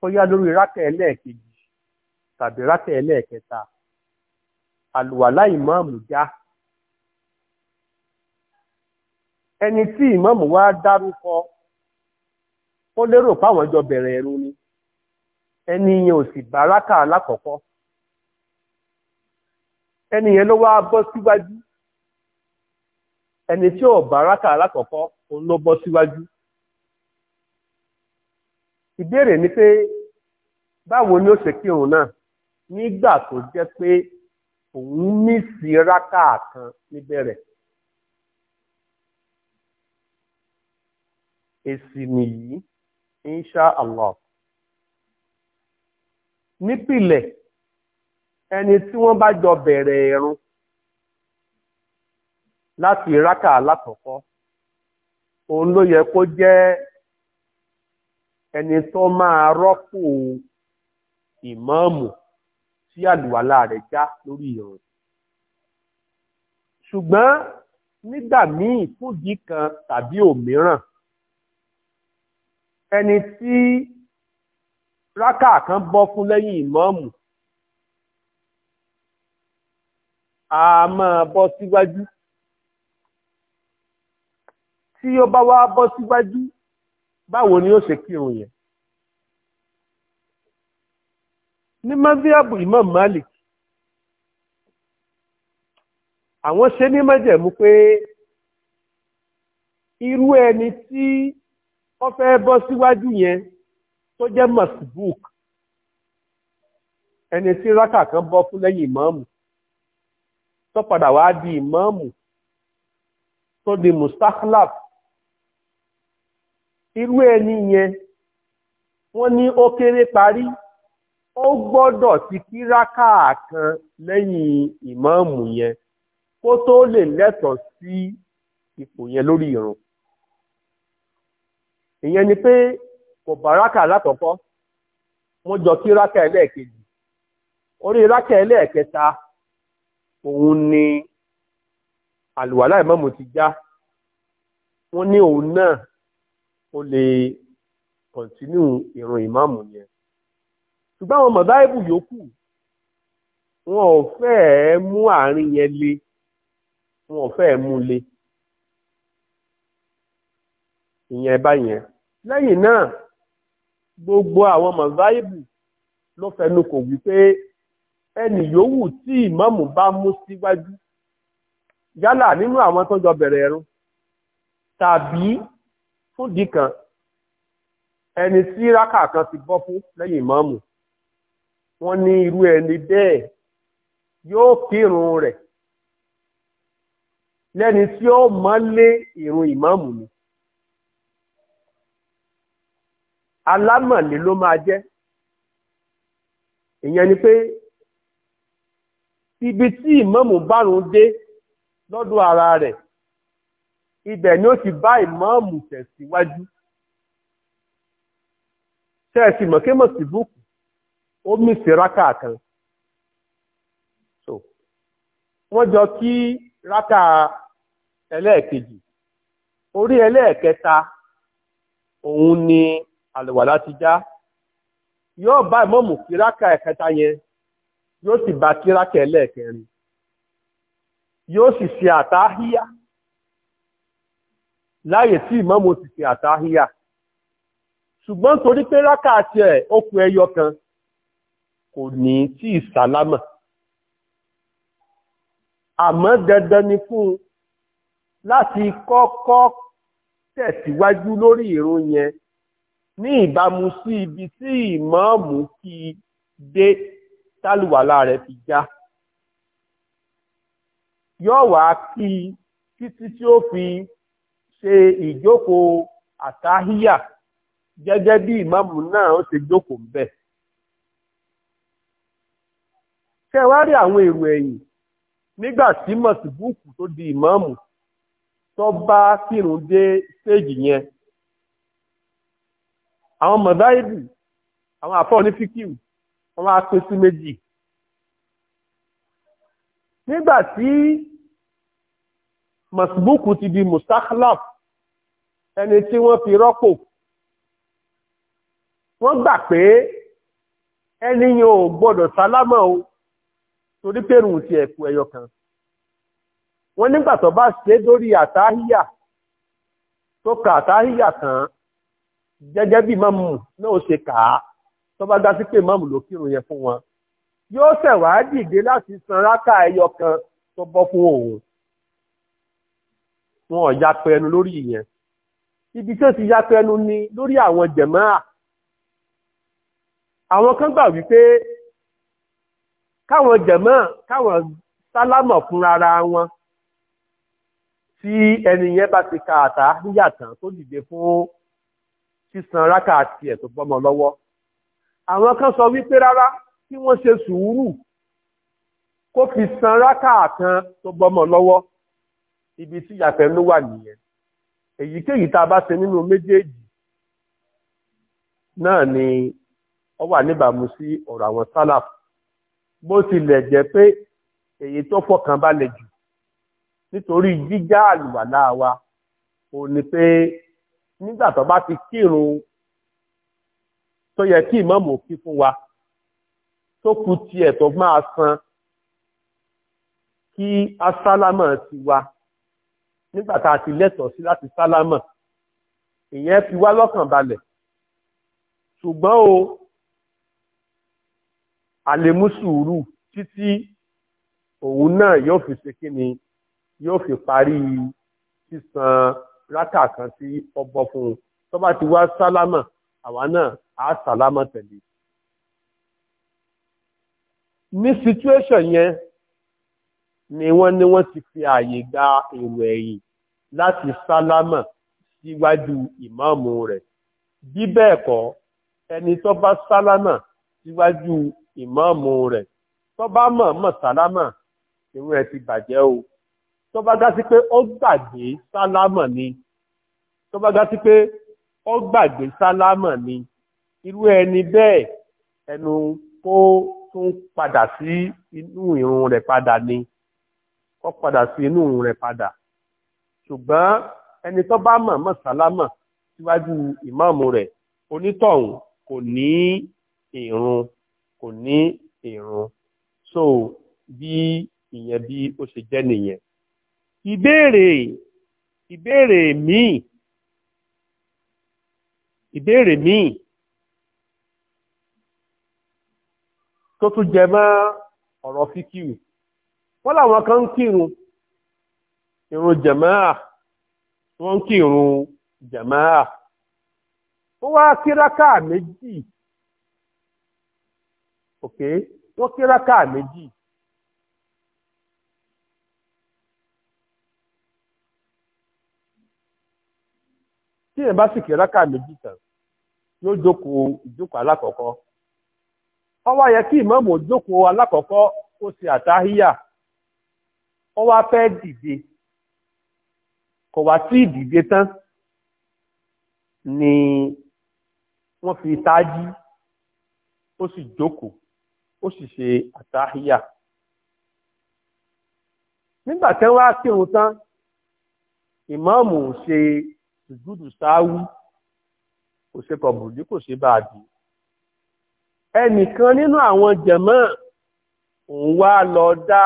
bóyá lórí rákà ẹlẹ́ẹ̀kejì tàbí rákà ẹlẹ́ẹ̀kẹta àlùwàlá ìmáàmù já ẹni tí ìmáàmù wá dárúkọ ó lérò páwọn jọ bẹ̀rẹ̀ ẹ̀rùn ni ẹni yẹn ò sì bá rákà alákọ̀ọ́kọ́ ẹni yẹn ló wá bọ́ síwájú ẹni tí ò bá rákà ìbéèrè ni pé báwo ni ó ṣe kí òun náà nígbà tó jẹ́ pé òun ní sí rákà kan níbẹ̀rẹ̀ èsì nìyí insha allah nípìlẹ̀ ẹni tí wọ́n bá jọ bẹ̀rẹ̀ ẹ̀rùn láti rákà alákọ̀ọ́kọ́ òun ló yẹ kó jẹ́ ẹni tó máa rọ́pò ìmáàmù tí àlùwàlá rẹ̀ já lórí ìrun ṣùgbọ́n nígbà míì fúdí kan tàbí òmíràn ẹni tí rákà kan bọ́ fún lẹ́yìn ìmáàmù a máa bọ́ síwájú tí ó bá wá bọ́ síwájú báwo ni ó ṣe kírun yẹn ní mazíàbù Imam Malik àwọn ṣe ní májẹ̀mú pé irú ẹni tí wọ́n fẹ́ bọ́ síwájú yẹn tó jẹ́ masbuk ẹni tí rákà kan bọ́ fún lẹ́yìn ìmáàmù tó padà wá di ìmáàmù tó di mustakhlaf irú ẹni yẹn wọ́n ní ó kéré parí ó gbọ́dọ̀ ti kíráká kan lẹ́yìn ìmáàmù yẹn kó tó lè lẹ́tọ̀ọ́ sí ipò yẹn lórí ìrun ìyẹn ni pé kò bàrákà látọ̀kọ́ wọ́n jọ kíráká ẹlẹ́ẹ̀kejì orí rákà ẹlẹ́ẹ̀kẹta òun ni àlùwàlá ìmáàmù ti já wọ́n ní òun náà ó lè kọ̀ntínú ìrun ìmáàmù yẹn ṣùgbọ́n àwọn mọ̀dáìbù yòókù wọn ò fẹ́ẹ̀ mú àárín yẹn le wọn ò fẹ́ẹ̀ mú le ìyẹn báyẹn lẹ́yìn náà gbogbo àwọn mọ̀dáìbù ló fẹnu kò wípé ẹnì yòówù tí ìmáàmù bá mú síwájú yálà nínú àwọn tó jọ bẹ̀rẹ̀ ẹ̀rùn tàbí fún dìkan ẹni tí rákà kan ti bọ́ fún lẹ́yìn ìmáàmù wọ́n ní irú ẹni bẹ́ẹ̀ yóò kírun rẹ̀ lẹ́ni tí ó mọ́ lé irun ìmáàmù ni alámọ̀lé ló máa jẹ́ ìyẹn ni pé ibi tí ìmáàmù bárun dé lọ́dún ara rẹ̀ ibẹ̀ ni ó ti bá imọ tẹ̀síwájú tẹ́ẹ̀sì mọ̀kémọ̀ sí ó mì sí kan so wọ́n jọ kí rákà ẹlẹ́ẹ̀kejì orí ẹlẹ́ẹ̀kẹta òun ni àlùwàlá láti já yóò bá ìmọ̀ọ́mù kí rákà ẹ̀kẹta yẹn yóò sì bá kí rákà ẹlẹ́ẹ̀kẹrin yóò sì ṣe àtàhíyá. láyè tí ìmáàmù ti fi àtàhíyà ṣùgbọ́n torí pé rákàtí ẹ̀ okùn ẹyọ kan kò ní tí ìsàlámà àmọ́ dandan ni fún un láti kọ́kọ́ tẹ̀síwájú lórí ìrun yẹn ní ìbámu sí ibi tí ìmáàmù kí dé tálùwàlá rẹ̀ fi já yóò wá kí títí tí ó fi ṣe ìjókòó àtàhíyà gẹ́gẹ́ bí ìmáàmù náà ó ṣe jókòó bẹ̀. ṣé wá rí àwọn èrò ẹ̀yìn nígbà tí tó di imamu tó bá kírun dé stéèjì yẹn àwọn mọ̀dáìdì àwọn afọ ní fíkìrù wọ́n máa méjì nígbà ti di ẹni tí wọ́n fi rọ́pò wọ́n gbà pé ẹni yẹn ò gbọ́dọ̀ sálámọ̀ o torí pẹ̀rù ti ẹ̀kú ẹyọ kan wọ́n nígbà tó bá ṣe lórí àtáhíyà tó ka àtáhíyà kan gẹ́gẹ́ bí mọ́mù náà ó ṣe kà á tó bá dá sí pé mọ́mù ló kírun yẹn fún wọn yóò ṣẹ̀wá dìde láti san rákà ẹyọ kan tó bọ́ fún òun wọn ò ya pẹnu lórí ìyẹn ibi tí ó ti yá pẹnu ni lórí àwọn jẹ̀máà àwọn kan gbà wípé káwọn jẹ̀máà káwọn sálámọ̀ fúnra wọn tí ẹni yẹn bá ti ka àtà níyàtàn tó dìde fún sísan rákà àti ẹ̀tọ́ bọ́mọ lọ́wọ́ àwọn kan sọ wípé rárá kí wọ́n ṣe sùúrù kó fi san rákà kan tó bọ́mọ lọ́wọ́ ibi tí ìyàfẹ́ ló wà nìyẹn èyíkéyìí tá a bá ṣe nínú méjèèjì náà ni ó wà níbàámu sí ọ̀rọ̀ àwọn sálàf bó tilẹ̀ jẹ́ pé èyí tó fọkàn balẹ̀ jù nítorí jíjá àlùwàlá wa ò ní pé nígbà tó bá ti kírun tó yẹ kí ìmáàmù kí fún wa tó kù tiẹ̀ tó máa san kí asálámà ti wa nígbà tá a ti lẹ́tọ̀ọ́ sí láti sálámà ìyẹn fi wá lọ́kàn balẹ̀ ṣùgbọ́n o àlèmú sùúrù títí òun náà yóò fi ṣe kíni yóò fi parí sísan rákà kan tí ọbọ fún un tó bá ti wá sálámà àwa náà á sálámà tẹ̀lé ní situation yẹn ni wọ́n ní wọ́n ti fi ààyè gba èrò ẹ̀yìn láti sálámà síwájú ìmáàmù rẹ̀ bí bẹ́ẹ̀ kọ́ ẹni tó bá sálámà síwájú ìmáàmù rẹ̀ tó bá mọ̀ mọ̀ sálámà ìrun ẹ̀ ti bàjẹ́ o tó bá dá sí pé ó gbàgbé sálámà ni tó bá dá sí pé ó gbàgbé sálámà ni irú ẹni bẹ́ẹ̀ ẹnu kó tún padà sí inú ìrun rẹ̀ padà ni kó padà sí inú rẹ̀ padà ṣùgbọ́n ẹni tó bá mọ̀ mọ̀ sálámà síwájú ìmáàmù rẹ̀ onítọ̀hún kò ní ìrun kò ní ìrun so bí ìyẹn bí ó ṣe jẹ́ nìyẹn ìbéèrè ìbéèrè míì ìbéèrè míì tó tún jẹ mọ́ ọ̀rọ̀ fíkìrì wọ́n làwọn kan ń kírun irun Jẹ̀máà, wọ́n ń kírun Jẹ̀máà, wọ́n wá kíráká méjì ok wọ́n kíráká méjì tí èèyàn bá sì kíráká méjì tán yóò jókòó ìjókòó alákọ̀ọ́kọ́ ó yẹ kí jókòó alákọ̀ọ́kọ́ kó ṣe ó wá fẹ́ dìde kò wá sí ìdìde tán ni wọ́n fi tájí ó sì jókòó ó sì ṣe àtàhíyà nígbà tẹ́ wá kírun tán ìmáàmù ò ṣe ìgbúdù sáwí kò ṣe kọ̀bùrùdí kò ṣe bàbí ẹnìkan nínú àwọn jẹ̀mọ́ òun wá lọ dá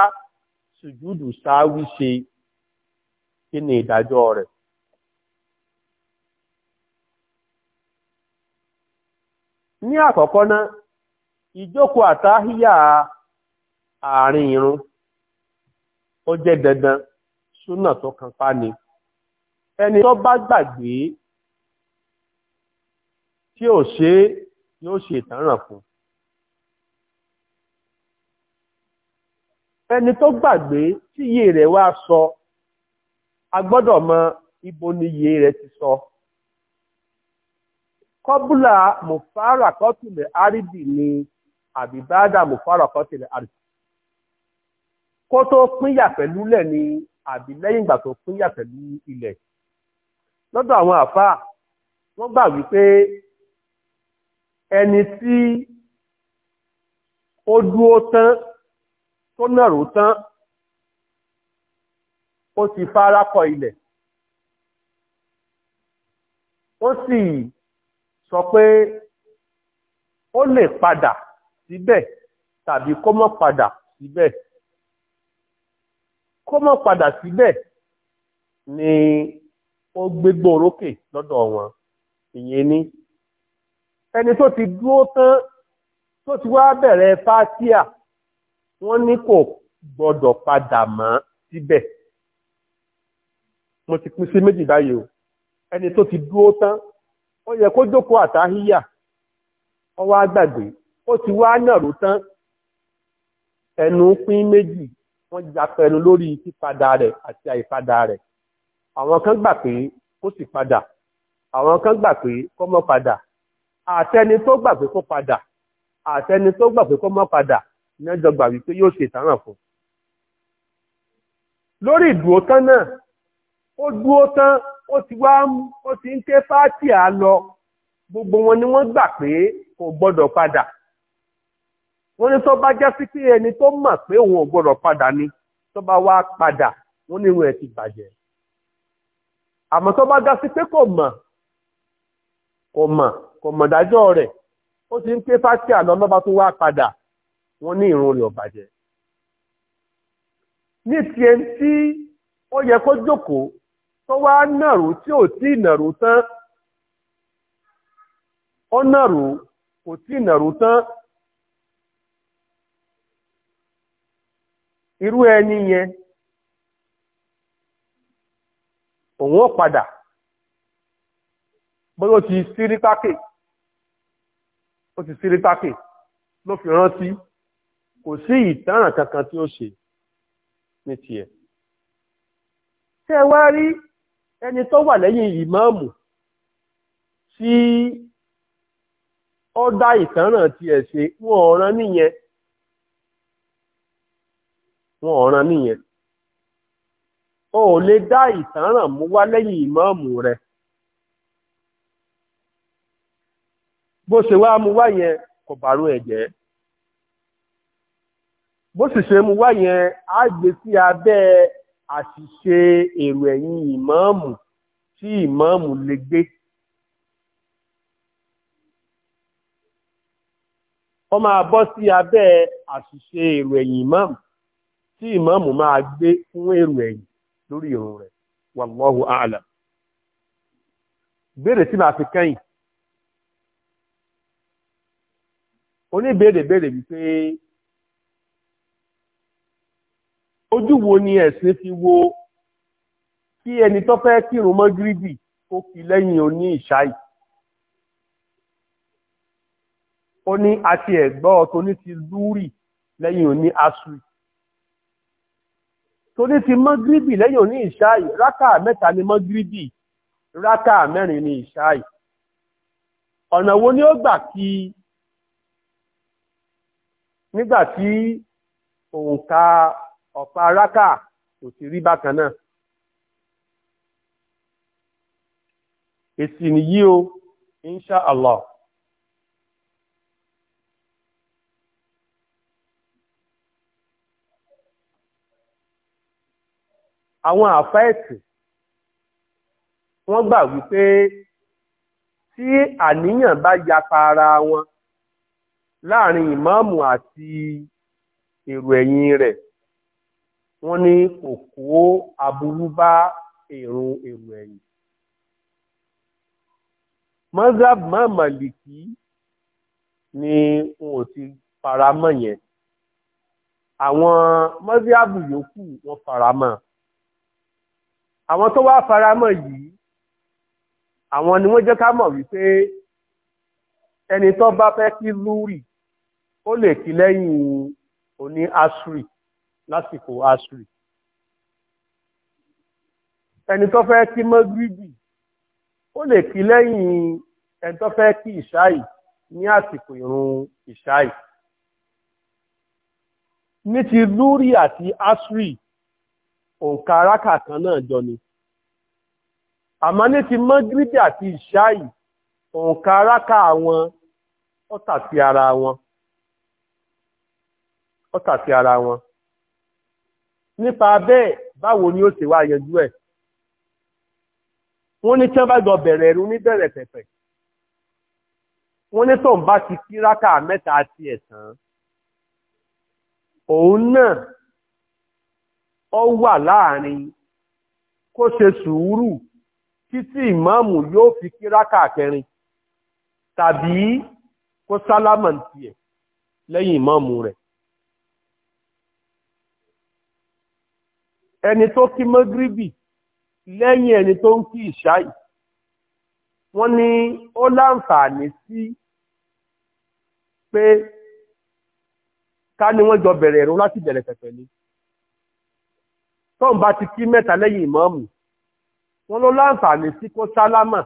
sùjúdù sáwí ṣe kí ni ìdájọ́ rẹ̀ ní àkọ́kọ́ náà ìjókò àtàhíyà ààrin irun ó jẹ́ dandan súnà tó kan fá ni ẹni tó bá gbàgbé tí ó ṣe yóò ṣe ìtànràn fún un ẹni tó gbàgbé tí iye rẹ̀ wá sọ a gbọ́dọ̀ mọ ibo ni iye rẹ̀ ti sọ kọ́bùlà mufara kọ́tìlẹ̀ àrídì ni àbíbádà mufara kọ́tìlẹ̀ àrídì kó tó pínyà pẹ̀lú lẹ̀ ni àbí lẹ́yìn ìgbà tó pínyà pẹ̀lú ilẹ̀ lọ́dọ̀ àwọn àfáà wọ́n gbà wípé ẹni tí ó dúó tán tó nàró tán ó sì fara kọ ilẹ̀ ó sì sọ pé ó lè padà síbẹ̀ tàbí kó mọ́ padà síbẹ̀ kó mọ́ padà síbẹ̀ ni ó gbégbó orókè lọ́dọ̀ wọn ìyẹn ni ẹni tó ti dúró tán tó ti wá bẹ̀rẹ̀ fátíà wọ́n ní kò gbọ́dọ̀ padà mọ́ síbẹ̀ mo ti pín sí méjì báyìí o ẹni tó ti dúró tán ó yẹ kó jókòó àtàhíyà ó wá gbàgbé ó ti wá nàró tán ẹnu pín méjì wọ́n japẹnu lórí pípadà rẹ̀ àti àìpadà rẹ̀ àwọn kan gbà pé kó sì padà àwọn kan gbà pé kó mọ́ padà àtẹni tó gbà pé kó padà àtẹni tó gbà pé kó mọ́ padà nájọ gbà wípé yóò ṣe ìtàràn fún lórí ìdúró tán náà ó dúró tán ó ti wá ó ti ń ké fáàtì à lọ gbogbo wọn ni wọ́n gbà pé kò gbọ́dọ̀ padà wọ́n ní tó bá jẹ́ sí pé ẹni tó mọ̀ pé òun ò padà ni tó bá wá padà wọ́n ti bàjẹ́ àmọ́ tó bá já sí pé kò mọ̀ ti ń ké lọ lọ́ba tó wá padà wọ́n ní ìrun rẹ̀ ọ̀bàjẹ́ ní tiẹ̀ tí ó yẹ kó jókòó tó wá nàró tí ò tí nàrù tán ó nàrù kò tí nàrù tán irú ẹni yẹn òun ó padà bóyá ó ti sírí pákè ó ti sírí pákè ló fi rántí. kò sí ìtàn kankan tí ó ṣe ní tiẹ̀ tẹ́ wá rí ẹni tó wà lẹ́yìn ìmáàmù tí ó dá ìtáràn tiẹ̀ ṣe wọ́n ọ̀rán nìyẹn wọ́n ọ̀rán nìyẹn o lè dá ìtàn mú wá lẹ́yìn ìmáàmù rẹ. bó ṣe wá mú wá yẹn kò bàrú ẹ̀jẹ̀ bó sì ṣe mú wá yẹn á gbé sí abẹ́ àṣìṣe èrò ẹ̀yìn ìmáàmù tí ìmáàmù lè gbé. ó máa bọ́ sí abẹ́ àṣìṣe èrò ẹ̀yìn ìmáàmù tí ìmáàmù máa gbé fún èrò ẹ̀yìn lórí ìrun rẹ̀ wallahu a'lam. béèrè tí màá fi kẹ́yìn oníbèrè béèrè wípé. ojú wo ni ẹ̀sìn fi wo kí ẹni tó fẹ́ kírun mọ́gíríbì kó kí lẹ́yìn oní ìṣáì ó ní àti ẹ̀gbọ́ tóní ti lúrì lẹ́yìn oní asri tóní ti mọ́gíríbì lẹ́yìn oní ìṣáì rákà mẹ́ta ni mọ́gíríbì rákà mẹ́rin ni ìṣáì ọ̀nà wo ni ó gbà kí nígbà tí òǹkà ọ̀pá rákà kò sì rí bákan náà. èsì nìyí o insha àwọn àfẹ́ẹ̀tì wọ́n gbà wípé tí àníyàn bá yapa ara wọn láàrin ìmáàmù àti èrò ẹ̀yìn rẹ̀ wọ́n ní kò kó aburú bá èrò èrò ẹ̀yìn. mazhab máa màlìkì ni wọn ò ti fara mọ́ yẹn àwọn mazhab yòókù wọn fara mọ́ àwọn tó wá fara mọ́ yìí àwọn ni wọ́n jẹ́ ká mọ̀ wípé ẹni tó bá fẹ́ kí lúrì ó lè kí lẹ́yìn oní asri lásìkò asri ẹni tó fẹ́ kí mọ́gírìbì ó lè kí lẹ́yìn ẹni tó fẹ́ kí ìṣáì ní àsìkò ìrun ìṣáì ní ti lúrí àti asri òǹkà arákà kan náà jọ ni àmọ́ ní ti mọ́gírìbì àti ìṣáì òǹkà arákà wọn ọ̀tà sí ara wọn nípa bẹ́ẹ̀ báwo ni ó ṣe wá yanjú ẹ̀ wọ́n ní tí wọ́n bá jọ bẹ̀rẹ̀ ẹ̀rú ní bẹ̀rẹ̀ pẹ̀pẹ̀ wọ́n ní tóun bá ti kí rákà mẹ́ta ti ẹ̀sán òun náà ó wà láàrin kó ṣe sùúrù títí ìmáàmù yóò fi kí rákà kẹrin tàbí kó sálámà tiẹ̀ lẹ́yìn ìmáàmù rẹ̀ ẹni tó kí mọ́gíríbì lẹ́yìn ẹni tó ń kí ìṣáì wọ́n ní ó láǹfààní sí pé ká ní wọ́n jọ bẹ̀rẹ̀ ẹ̀rọ láti bẹ̀rẹ̀ pẹ̀pẹ̀ ni tóun bá ti kí mẹ́ta lẹ́yìn ìmọ̀ọ́mù wọ́n ló láǹfààní sí kó sálámà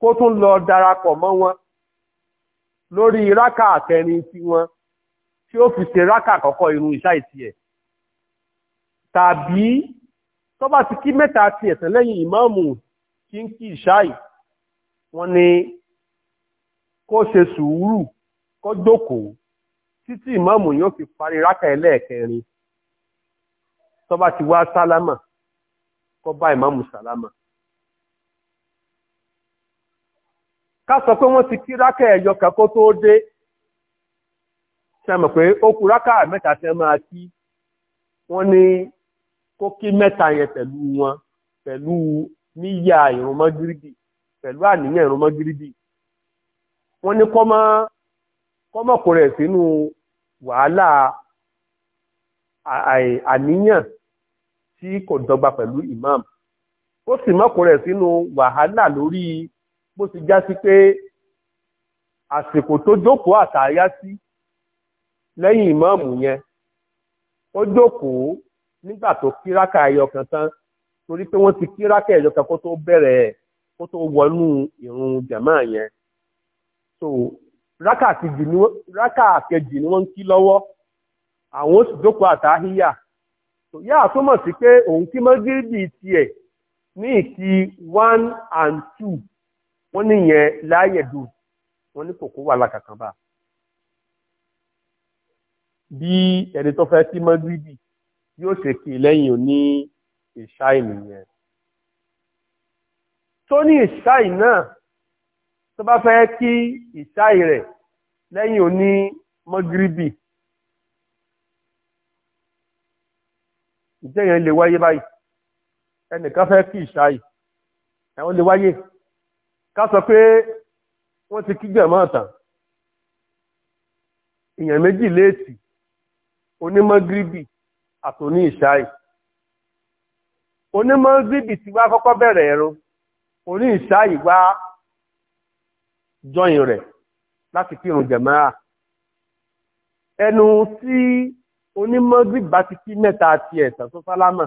kó tún lọ darapọ̀ mọ́ wọn lórí àtẹrin tiwọn tí ó fi ṣe àkọ́kọ́ irun ìṣáì tiẹ̀. tàbí tó bá ti kí mẹ́ta ti ẹ̀sán lẹ́yìn ìmáàmù kí ń kí ìṣáì wọ́n ní kó ṣe sùúrù kó jókòó títí ìmáàmù yóò fi parí rákà ẹlẹ́ẹ̀kẹrin tó bá ti wá sálámà kó bá ìmáàmù sálámà ká sọ pé wọ́n ti kí rákà ẹ̀yọ kó tó dé ṣe mọ̀ pé ó kù rákà mẹ́ta tẹ́ máa kí wọ́n ní kó kí mẹ́ta yẹn pẹ̀lú wọn pẹ̀lú níyà ìrùnmọ́gírídì pẹ̀lú àníyàn ìrùnmọ́gírídì wọ́n ní kọ́mọ́ kọ́mọ̀kù rẹ̀ sínú wàhálà àníyàn tí kò dọ́gba pẹ̀lú imam ó sì mọ́kù rẹ̀ sínú wàhálà lórí bó ti já sí pé àsìkò tó jókòó àtàyá sí lẹ́yìn ìmáàmù yẹn ó jókòó nígbà tó kíráka ẹyọkan tán torí pé wọ́n ti kíráka ẹyọkan kó tó bẹ̀rẹ̀ kó tó wọnú ìrun jàmá yẹn so raka kejì ni wọ́n ń kí lọ́wọ́ àwọn oṣù jókòó àtàhíyà so yáà túmọ̀ sí pé òun kí mọ́gírídì tiẹ̀ ní ìkí one and two wọ́n níyẹn láyẹ̀dù wọ́n ní kòkó wà lákàkàn bá bí ẹni tó fẹ́ kí mọ́gírídì yóò ṣe kí lẹ́yìn òní ìṣáì nìyẹn tó ní ìṣáì náà tó bá fẹ́ kí ìṣáì rẹ̀ lẹ́yìn òní mọ́gíríbì ìjẹ́ yẹn lè wáyé báyìí ẹnìkan fẹ́ kí ìṣáì ẹ̀wọ́n lè wáyé ká sọ pé wọ́n ti kí jẹ̀mọ́ ọ̀tàn èèyàn méjì léètì onímọ́gíríbì àtòní ìṣáì onímọ̀ zibi ti wá kọ́kọ́ bẹ̀rẹ̀ ẹ̀rọ oní ìṣáì wá jọyìn rẹ̀ láti kírun jẹ̀máà ẹnu tí onímọ̀ zibi bá ti kí mẹ́ta ti ẹ̀sán tó sálámà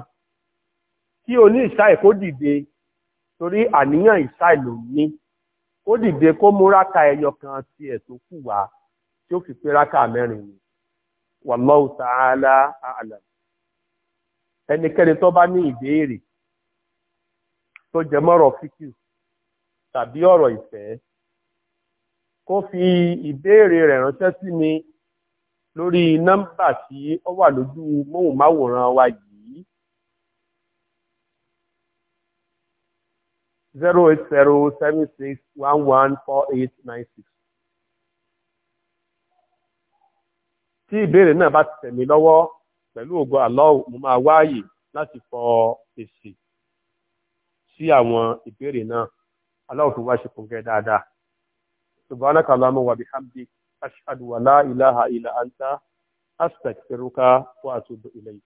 kí oní ìṣáì kó dìde torí àníyàn ìṣáì ló ní kó dìde kó mú ráka ẹyọ kan ti ẹ̀ tó kù wá tí ó fi pé ráka mẹ́rin ni wallahu ta'ala a'lam ẹnikẹ́ni tó bá ní ìbéèrè tó jẹ mọ́rọ̀ fíkì tàbí ọ̀rọ̀ ìfẹ́ kó fi ìbéèrè rẹ̀ ránṣẹ́ sí mi lórí nọ́mbà tí ó wà lójú móhùnmáwòrán wa yìí zero eight zero seven six one one four eight nine six. tí ìbéèrè náà bá tẹ̀ mí lọ́wọ́ pẹ̀lú ògo Allah mo máa wáyè láti fọ èsì sí àwọn ìbéèrè náà Allah tó wá ṣe kún gẹ́ dáadáa subhanaka Allahumma wa bihamdik ashhadu wa la ilaha illa anta astaghfiruka wa atubu ilayk